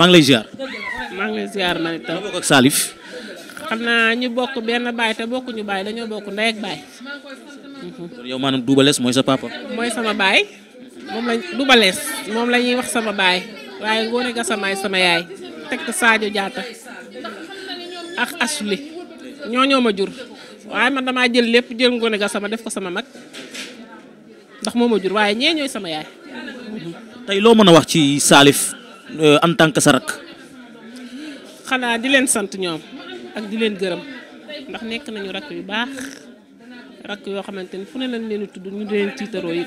maa ngi lay ziar. maa ngi lay ziar man itam. bokk ak Salif. xam naa ñu bokk benn baay te bokkuñu baay dañoo bokk ndey ak baay. kon yow maanaam Double Less mooy sa papa. mooy sama baay moom lañ Double Less moom la ñuy wax sama baay waaye Ngoné Gassama sama yaay teg Sadio Diatta ak Asli ñoo ñoo ma jur waaye man damaa jël lépp jël Ngoné Gassama def ko sama mag ndax moo ma jur waaye ñee ñooy sama yaay. tey loo mën a wax ci Salif Euh, en tant que sa rakk xanaa di leen sant ñoom ak di leen gërëm ndax nekk nañu rakk yu baax rakk yoo xamante ni fu ne lañ leen tudd ñu di leen tiitaroo it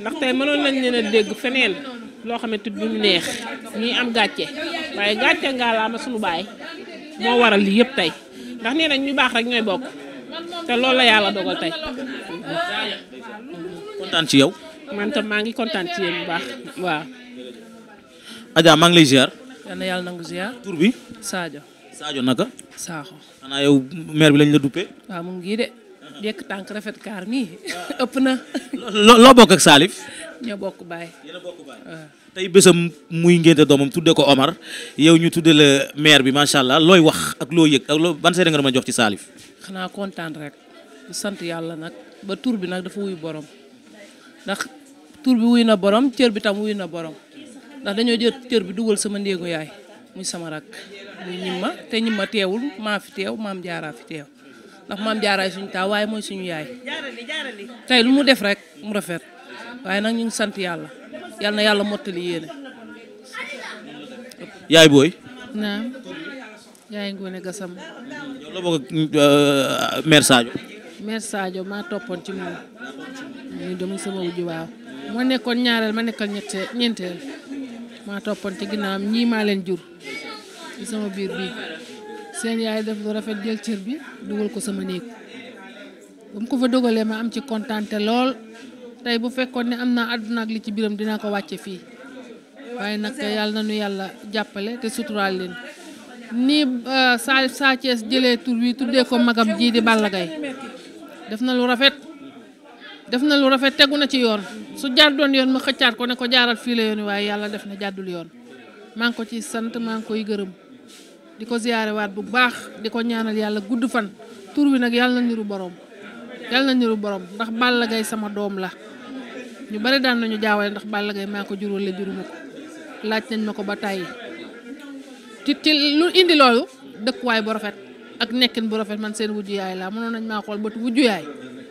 ndax tey mënoon nañ leen a dégg feneen loo xamante ni duñu neex ñuy am gàcce waaye gàcce ngaa laa ma suñu baay moo waral lii yëpp tey ndax nee nañ ñu baax rek ñooy bokk te loolu la yàlla dogal tey. kontaan ci yow. man tam maa ngi kontaan ci yéen bu baax waaw. Adja maa ngi lay ziar. yal na yàlla nangu ziar. tur bi Sadio. Sadio naka. Sakho. xanaa yow maire bi lañ la duppee. waaw mu ngi de. Uh-huh. yekk tànk rafet kaar nii uh-huh. ëpp na. loo bokk ak Salif. ñoo bokk baay. a bokk baay. Uh-huh. tey bésam muy ngénte doomam tudde ko Omar yow ñu tudde la maire bi macha allah looy wax ak loo yëg ak loo ban seede nga mën jox ci saalif xanaa kontaan rek. sant yàlla nag ba tur bi nag dafa wuy borom ndax tur wuy na borom cër bi tam wuy na borom. ndax dañoo jël bi dugal sama ndéegu yaay muy sama rak muy ñimma te ñimma teewul maa fi teew maam jaaraa fi teew ndax maam jaaraay suñu taa waaye mooy suñu yaay tey lu mu def rek mu rafet waaye nag ñu ngi sant yàlla yàlla na yàlla mottali yéene yaay booy naam yaay ngoone gasam yow la euh, maa toppoon ci moom ñu dem sama wujju waaw moo nekkoon ñaareel ma nekkal ñetteel ñeenteel ma maa toppante ginnaawam ñii maa leen jur ci sama biir bii seen yaay def lu rafet jël cër bi dugal ko sama néeg ba mu ko fa dogalee ma am ci kontaante lool tey bu fekkoon ne am naa àdduna ak li ci biram dinaa ko wàcce fii waaye nag yàlla na nu yàlla jàppale te suturaal leen ni euh, Sa Sa Thiès jëlee tur wi tuddee ko magam jii di Balla Gaye def na lu rafet def na lu rafet tegu na ci yoon su jaar yoon ma xëccaat ko ne ko jaaral fii la yoon waaye yàlla def na jàddul yoon maa ngi ko ci sant maa ngi koy gërëm di ko ziyaarewaat bu baax di ko ñaanal yàlla gudd fan tur wi nag yàlla na niru borom yàlla na niru borom ndax Balla Gaye sama doom la ñu bari daan nañu jaawale ndax Balla Gaye maa ko juróole juruma ko laaj nañ ma ko ba tàyyi ci ci lu indi loolu dëkkuwaay bu rafet ak nekkin bu rafet man seen wujju yaay laa mënoon nañ maa xool bët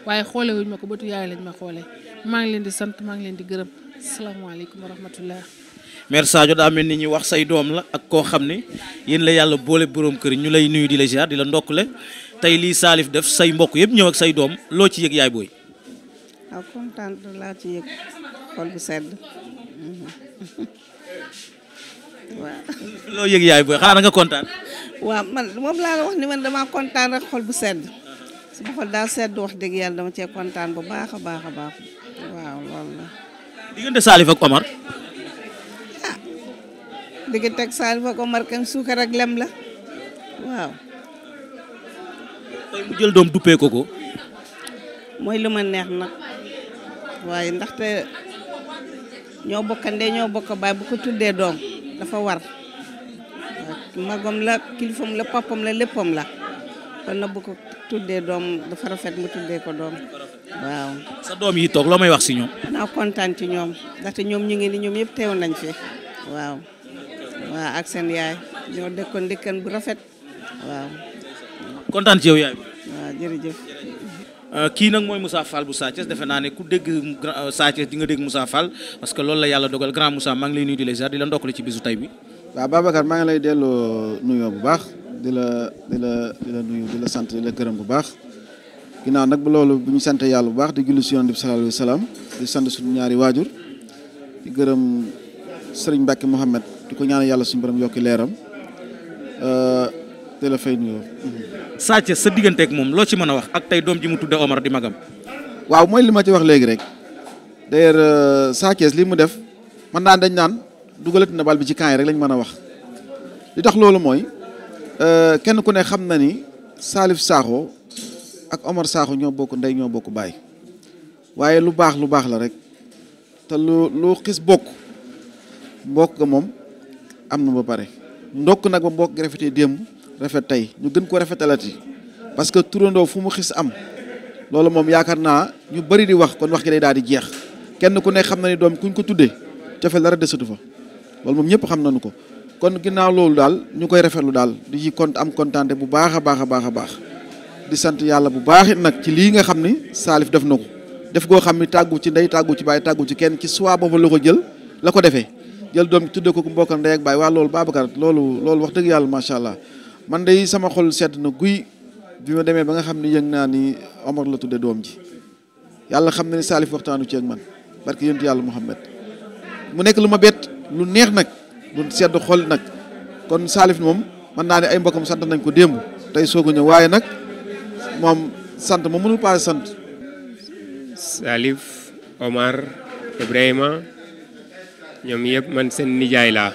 waaye xoole wuñ ma ko bëtu yaay lañ ma xoole maa ngi leen di sant maa ngi leen di gërëm salaamaaleykum wa rahmatullah mère Sadio daa mel ni ñi wax say doom la ak koo xam ne yéen la yàlla boole boroom kër ñu lay nuyu di la ziar di la ndokkale tey lii saalif def say mbokk yëpp ñëw ak say doom loo ci yëg yaay booy. waaw kontaan sedd. waaw. yëg yaay booy nga kontaan. waaw man moom laa wax ni man damaa kontaan rek xol bu sedd. sama xol daal sedd wax dëgg yàlla dama cee kontaan bu baax a baax a baax waaw loolu la. diggante Salif ak Omar. ah diggante ak Salif ak Omar kan suukar ak lem la waaw. tey mu jël doom duppee ko ko. mooy lu ma neex na waaye ndaxte ñoo bokkandee ñoo bokk baay bu ko tuddee doom dafa war magom la kilifam la papam la léppom la. kon na bu ko tuddee doom dafa rafet mu tuddee ko doom waaw. sa doom yi toog loo may wax si ñoom. naa kontaan ci ñoom ndaxte ñoom ñu ngi ni ñoom yëpp teew nañ fi waaw waaw ak seen yaay ñoo dëkkoon dëkkan bu rafet waaw. kontaan ci yow yaay. waaw jërëjëf. Euh, kii nag mooy Moussa Fall bu Sathiès defe naa ne ku dégg euh, Sathiès di nga dégg Moussa Fall parce que loolu la yàlla dogal grand Moussa maa ngi lay nuyu di la ziar di la ndokkale ci bisu tay bi. waaw Babacar maa ngi lay baax. di la di la di la nuyu di la sant di la gërëm bu baax ginnaaw nag bu loolu bu ñu santee yàlla bu baax di julli si yoon bi sallallahu salaam di sant suñu ñaari waajur di gërëm sëriñ Mbacke Mouhamed di ko ñaan yàlla suñu borom yokki leeram euh, di la fay nuyoo. Sa Thiès digganteeg moom loo ci mën a wax ak tey doom ji mu tudde Omar di magam. waaw mooy li ma ci wax léegi rek d'ailleurs euh, Sa Thiès li mu def man naan dañ naan dugalati na bal bi ci camp rek lañ mën a wax li tax loolu mooy. Euh, kenn ku ne xam na ni Salif Sakho ak Omar Sakho ñoo bokk ndey ñoo bokk baay waaye lu baax lu baax la rek te lu lu xis bokk mbokk ga moom am na ba pare ndokk nag ba mbokk gi rafetee démb rafet tey ñu gën ko rafetalati parce que turandoo fu mu xis am loolu moom yaakaar naa ñu bari di wax kon wax gi day daal di jeex kenn ku ne xam na ni doom kuñ ko tuddee cofeel dara desatu fa loolu moom ñëpp xam nañu ko kon ginnaaw loolu daal ñu koy rafetlu daal di ci kont am kontaante bu baax a baax a baax a baax di sant yàlla bu baax nag ci lii nga xam ni saalif def na ko def goo xam ni tàggu ci ndey tàggu ci baay tàggu ci kenn ci soit boobu la ko jël la ko defee jël doom tudde ko ku mbokk ndey ak baay waa loolu Babacar loolu loolu wax dëgg yàlla macha allah man dey sama xol sedd na guy bi ma demee ba nga xam ni yëg naa ni Omar la tudde doom ji yàlla xam na ni Salif waxtaanu ceeg man barke yonent yàlla Muhammad mu nekk lu neex nag. bu sedd xol nag kon Salif moom mën naa ne ay mbokkam sant nañ ko démb tey soog ñëw waaye nag moom sant moom mënul paase sant. Salif Omar Ibrahima ñoom yépp man seen nijaay laa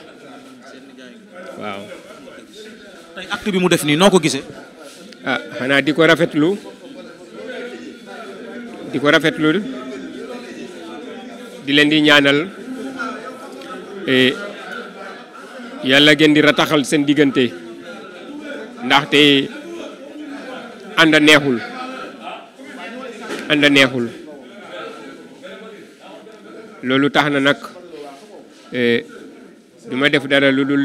waaw. tey bi mu def nii noo ko gisee. ah xanaa di ko rafetlu di ko rafetlu di leen di ñaanal. Eh, yàlla ngeen di rataxal seen diggante ndaxte ànd neexul ànd neexul loolu tax na nag e, du ma def dara lu dul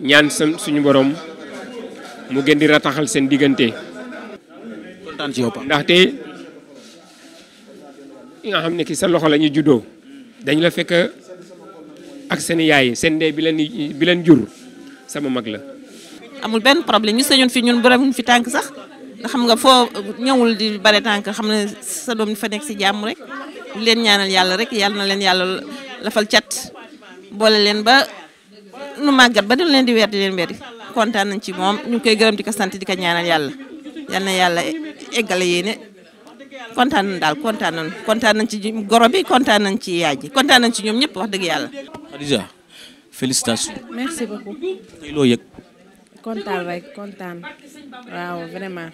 ñaan sa suñu borom mu gën di rataxal seen diggante. kontaan ci yow ndaxte ki nga xam ne ki sa loxo la ñu juddoo dañ la fekk. ak seen yaay seen ndey bi leen bi leen jur sama mag la. amul benn problème ñu sañoon fi ñun borom fi tànk sax nga xam nga foo ñëwul di bare tànk xam ne sa doom fa nekk si jàmm rek leen ñaanal yàlla rek yàlla na leen yàlla lafal cat boole leen ba nu màggat ba dina leen di weer di leen weer kontaan nañ ci moom ñu ngi koy gërëm di ko sant di ko ñaanal yàlla yal na yàlla eggale yéene kontaan nañ daal kontaan nañ kontaan nañ ci goro bi kontaan nañ ci yaay ji kontaan nañ ci ñoom ñëpp wax dëgg yàlla. Khadija félicitations. merci beaucoup. tey loo yëg. kontaan rek kontaan waaw vraiment.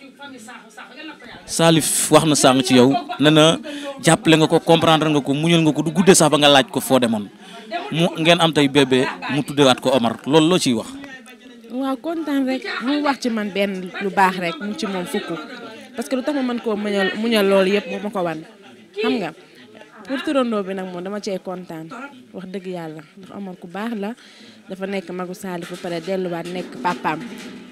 Salif wax na sàng ci yow ne na jàppale nga ko comprendre nga ko muñal nga ko du guddee sax nga laaj ko foo demoon mu ngeen am tey bébé mu tuddewaat ko Omar loolu loo ciy wax. waaw kontaan rek mu wax ci man benn lu baax rek mu ci moom fukk. parce que lu tax ma mën koo muñal muñal loolu yëpp moo ko wan xam nga pour turandoo bi nag moom dama cee kontaan wax dëgg yàlla ndax Omar ku baax la dafa nekk magu Salif ba pare delluwaat nekk papaam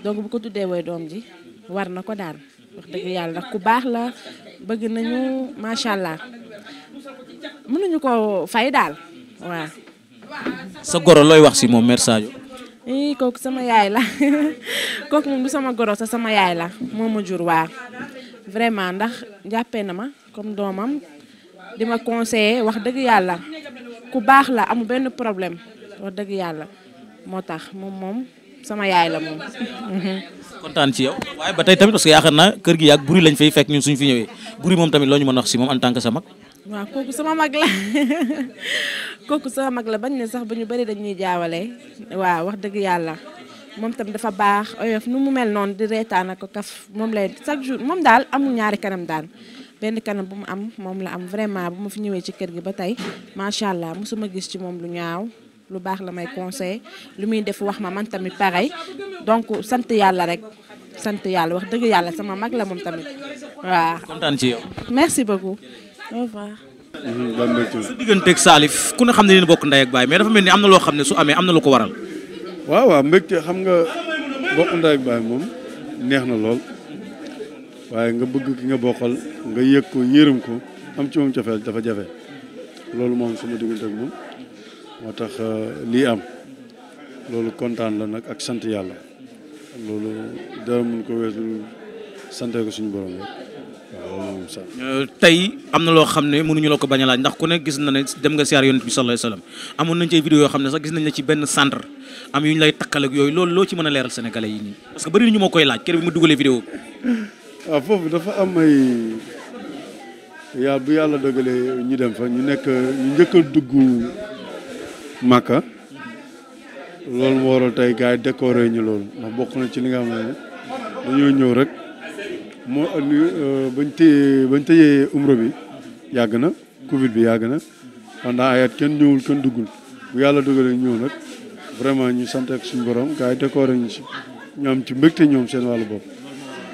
donc bu ko tuddee woy doom ji war na ko daal wax dëgg yàlla ndax ku baax la bëgg nañu macha allah nañu ko fay daal waaw. sa goro looy wax si moom Mère Sadio ii kooku sama yaay la kooku moom du sama goro sa sama yaay la moom ma jur waa vraiment ndax jàppee na ma comme doomam di ma conseiller wax dëgg yàlla ku baax la amul benn problème wax dëgg yàlla moo tax moom moom sama yaay la moom. kontaan ci yow waaye ba tey tamit parce que yaakaar naa kër gi yàgg buri lañ fay fekk ñun suñ fi ñëwee buri moom tamit loo ñu mën a si moom en tant que sa waaw kooku sama mag la kooku sama mag la bañ ne sax ba ñu bari dañuy jaawale waaw wax dëgg yàlla moom tam dafa baax oyof nu mu mel noonu di reetaan ak kaf moom lay chaque jour moom daal amul ñaari kanam daan benn kanam bu mu am moom la am vraiment bu ma fi ñëwee ci kër gi ba tey macha allah mosuma gis ci moom lu ñaaw lu baax la may conseil lu muy def wax ma man tamit pareil donc sant yàlla rek sant yàlla wax dëgg yàlla sama mag la moom tamit waaw. merci beaucoup. au revoir. ban mbégte la. su ku ne xam ne leen bokk ndey ak baay mais dafa mel ni am na loo xam ne su amee am na lu ko waral. waaw waaw mbégte xam nga bokk ndey ak baay moom neex na lool waaye nga bëgg ki nga bokkal nga yëg ko yërëm ko am ci moom cofeel dafa jafe loolu moom sama diggante ak moom moo tax euh, lii am loolu kontaan la nag ak sant yàlla loolu dara mun ko weesu santeeko suñu borom rek. Euh, tey am na loo xam ne mënuñu la ko bañ a laaj ndax ku ne gis na ne dem nga siyaar yonent bi sallallahu alayhi wasallam amoon nañ ci vidéo yoo xam ne sax gis nañ la ci benn centre am yu ñu lay takkal yooyu loolu loo ci mën a leeral sénégalais yi nii parce que bëri nañu moo koy laaj kër bi ma dugalee vidéo bi waaw ah, foofu dafa am ay yaa bu yàlla dogalee ñu dem fa ñu nekk ñu njëkk a dugg Màkka loolu moo waral tey gars yi décoré ñu loolu ndax bokk na ci li nga xam ne ñëw rek moo andi euh, bañ téyee bañ téyee umra bi yàgg na covid bi yàgg na pendant ndax at kenn ñëwul kenn duggul bu yàlla dugalee ñëw nag vraiment ñu sant ak suñu borom gars yi décoré ñu si ñu am ci mbégte ñoom seen wàllu bopp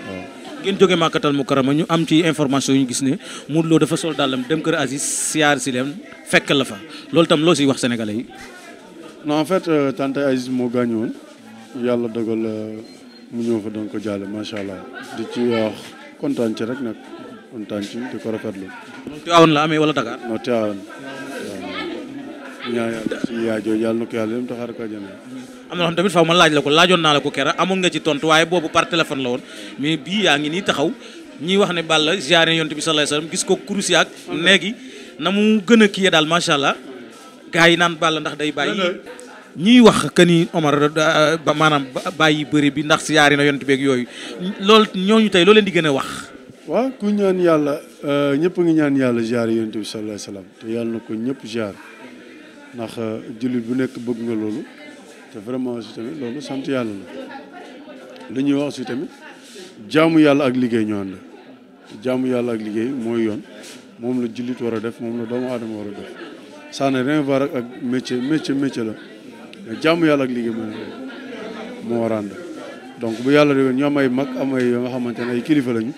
waaw. ngeen jóge Makkatal Mukarrama ñu am ci information yu ñu gis ne mu Lo dafa sol dàllam dem kër Aziz siyaar si leen fekk la fa loolu tam loo siy wax sénégalais yi. non en fait euh, tante Aziz moo gaañu woon yàlla dogal. Euh, mu ñëw fa doon ko jàlle macha allah di ci wax kontaan ci rek nag kontaan ci di ko rafetlu. moom Tiwaawan la amee wala Dakar. non Tiwaawan waaw ñaa ci yaajoo yàlla na ko yàlla yëpp taxaar ko jëme ma laaj la ko laajoon naa la ko kera amoon nga ci tontu waaye boobu par téléphone la woon mais bii yaa ngi ni taxaw ñiy wax ne la ziare yonent bi sallallahu sa wasallam gis ko kurus yaak léegi na mu gën a kii daal macha allah gars yi naan Balla ndax day bàyyi. ñuy wax que ni Omar euh, ba maanaam bàyyi bëri bi ndax si yaari na yont beeg yooyu loolu ñooñu tey loo leen di gën a wax. waaw ku ñaan yàlla euh, ñëpp ngi ñaan yàlla ziar yonent bi sallallahu alayhi te yàlla na ko ñëpp ziar ndax euh, jullit bu nekk bëgg loolu te vraiment aussi tamit loolu yàlla la lu ñuy wax aussi tamit jaamu yàlla ak liggéey ñoo ànd jaamu yàlla ak liggéey mooy yoon moom la jullit war a def moom la doomu adama war a def ça n'a rien voir ak métier métier métier la. mais jàmm yàlla ak liggéey moom moo war donc bu yàlla déwén ñu am ay mag am ay yoo nga xamante ne ay kilifa lañu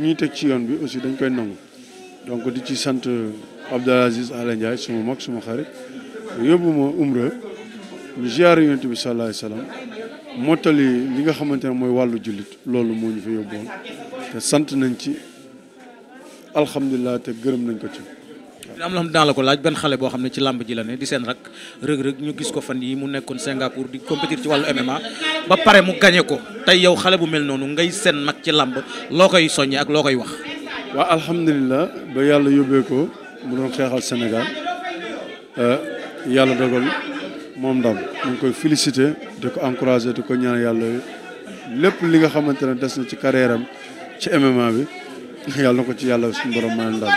ñuy teg ci yoon bi aussi dañ koy nangu donc di ci sant Abdelaziz Alain Ndiaye suma mag suma xarit yóbbu ma umra ñu ziar yonent bi sallallahu alayhi wasallam mottali li nga xamante ne mooy wàllu jullit loolu moo ñu fa yóbboon te sant nañ ci alhamdulilah te gërëm nañ ko ci. am loo xam dinaa la ko laaj benn xale boo xam ne ci làmb ji la ne di seen rak rëg-rëg ñu gis ko fan yi mu nekkoon Singapour di compétir ci wàllu MMA ba pare mu gañe ko tey yow xale bu mel noonu ngay seen mag ci làmb loo koy soññe ak loo koy wax waaw alhamdulilah ba yàlla yóbbee ko mu doon xeexal Sénégal euh, yàlla dogal moom ndam ñu ngi koy féliciter di ko encourager di ko ñaar yàlla lépp li nga xamante ne des na ci carrière am ci MMA bi yàlla ko ci yàlla suñu borom maa ndam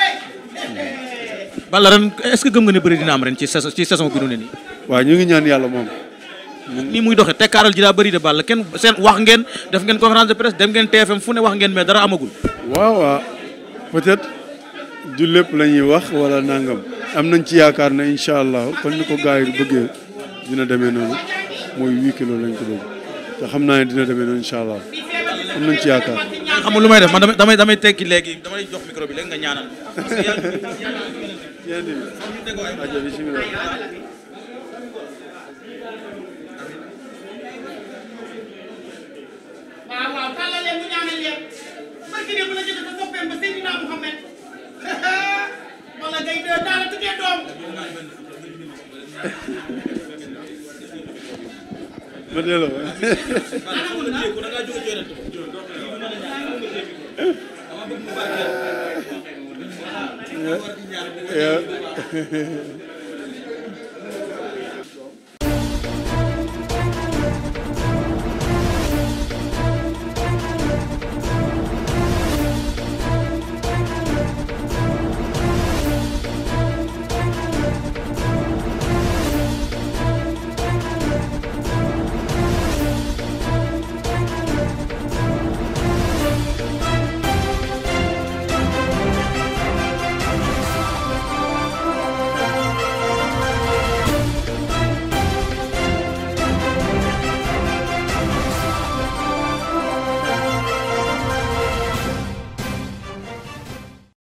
Balla ren est-ce que gëm nga ne bëri dina am ren ci saison ci nu ne nii. waaw ñu ngi ñaan yàlla moom. nii muy doxee te kaaral ji daa bari de Balla kenn seen wax ngeen def ngeen conférence de presse dem ngeen TFM fu ne wax ngeen mais dara amagul. waaw waaw peut-être du lépp lañuy wax wala nangam am nañ ci yaakaar ne incha allah kon ñu ko gars yi bëggee dina demee noonu mooy huit kilos lañ ko bëgg te xam naa ne dina demee noonu incha allah am nañ ci yaakaar. nga xamul lu may def man damay damay damay tekki léegi damay jox micro bi léegi nga ñaanal parce que yàlla waaw waaw tàllal leen mu ñaanal leen barki ne bu la jëlee ba soppeem ba Seydina Mouhamed wala ngay dee daal tukkee doom ma delloo waaw